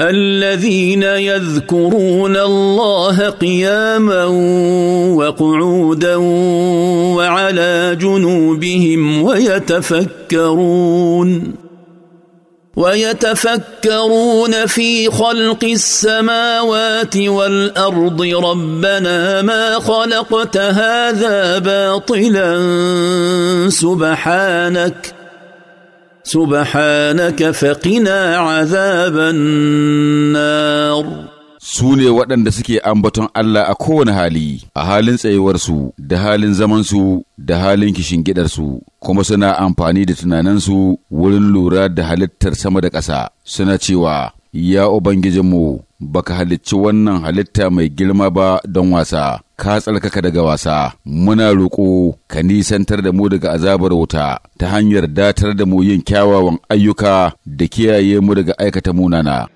الذين يذكرون الله قياما وقعودا وعلى جنوبهم ويتفكرون ويتفكرون في خلق السماوات والارض ربنا ما خلقت هذا باطلا سبحانك سبحانك فقنا عذاب النار su ne waɗanda suke ambaton Allah a kowane hali, a halin tsayuwarsu, da halin zamansu, da halin Kishin kishingidarsu, kuma suna amfani da tunaninsu wurin lura da halittar sama da ƙasa, suna cewa, Ya Ubangijinmu, baka halicci wannan halitta mai girma ba don wasa, ka tsarkaka daga wasa, muna roƙo ka nisantar da mu daga azabar wuta ta hanyar datar da mu yin kyawawan ayyuka da kiyaye mu daga aikata munana.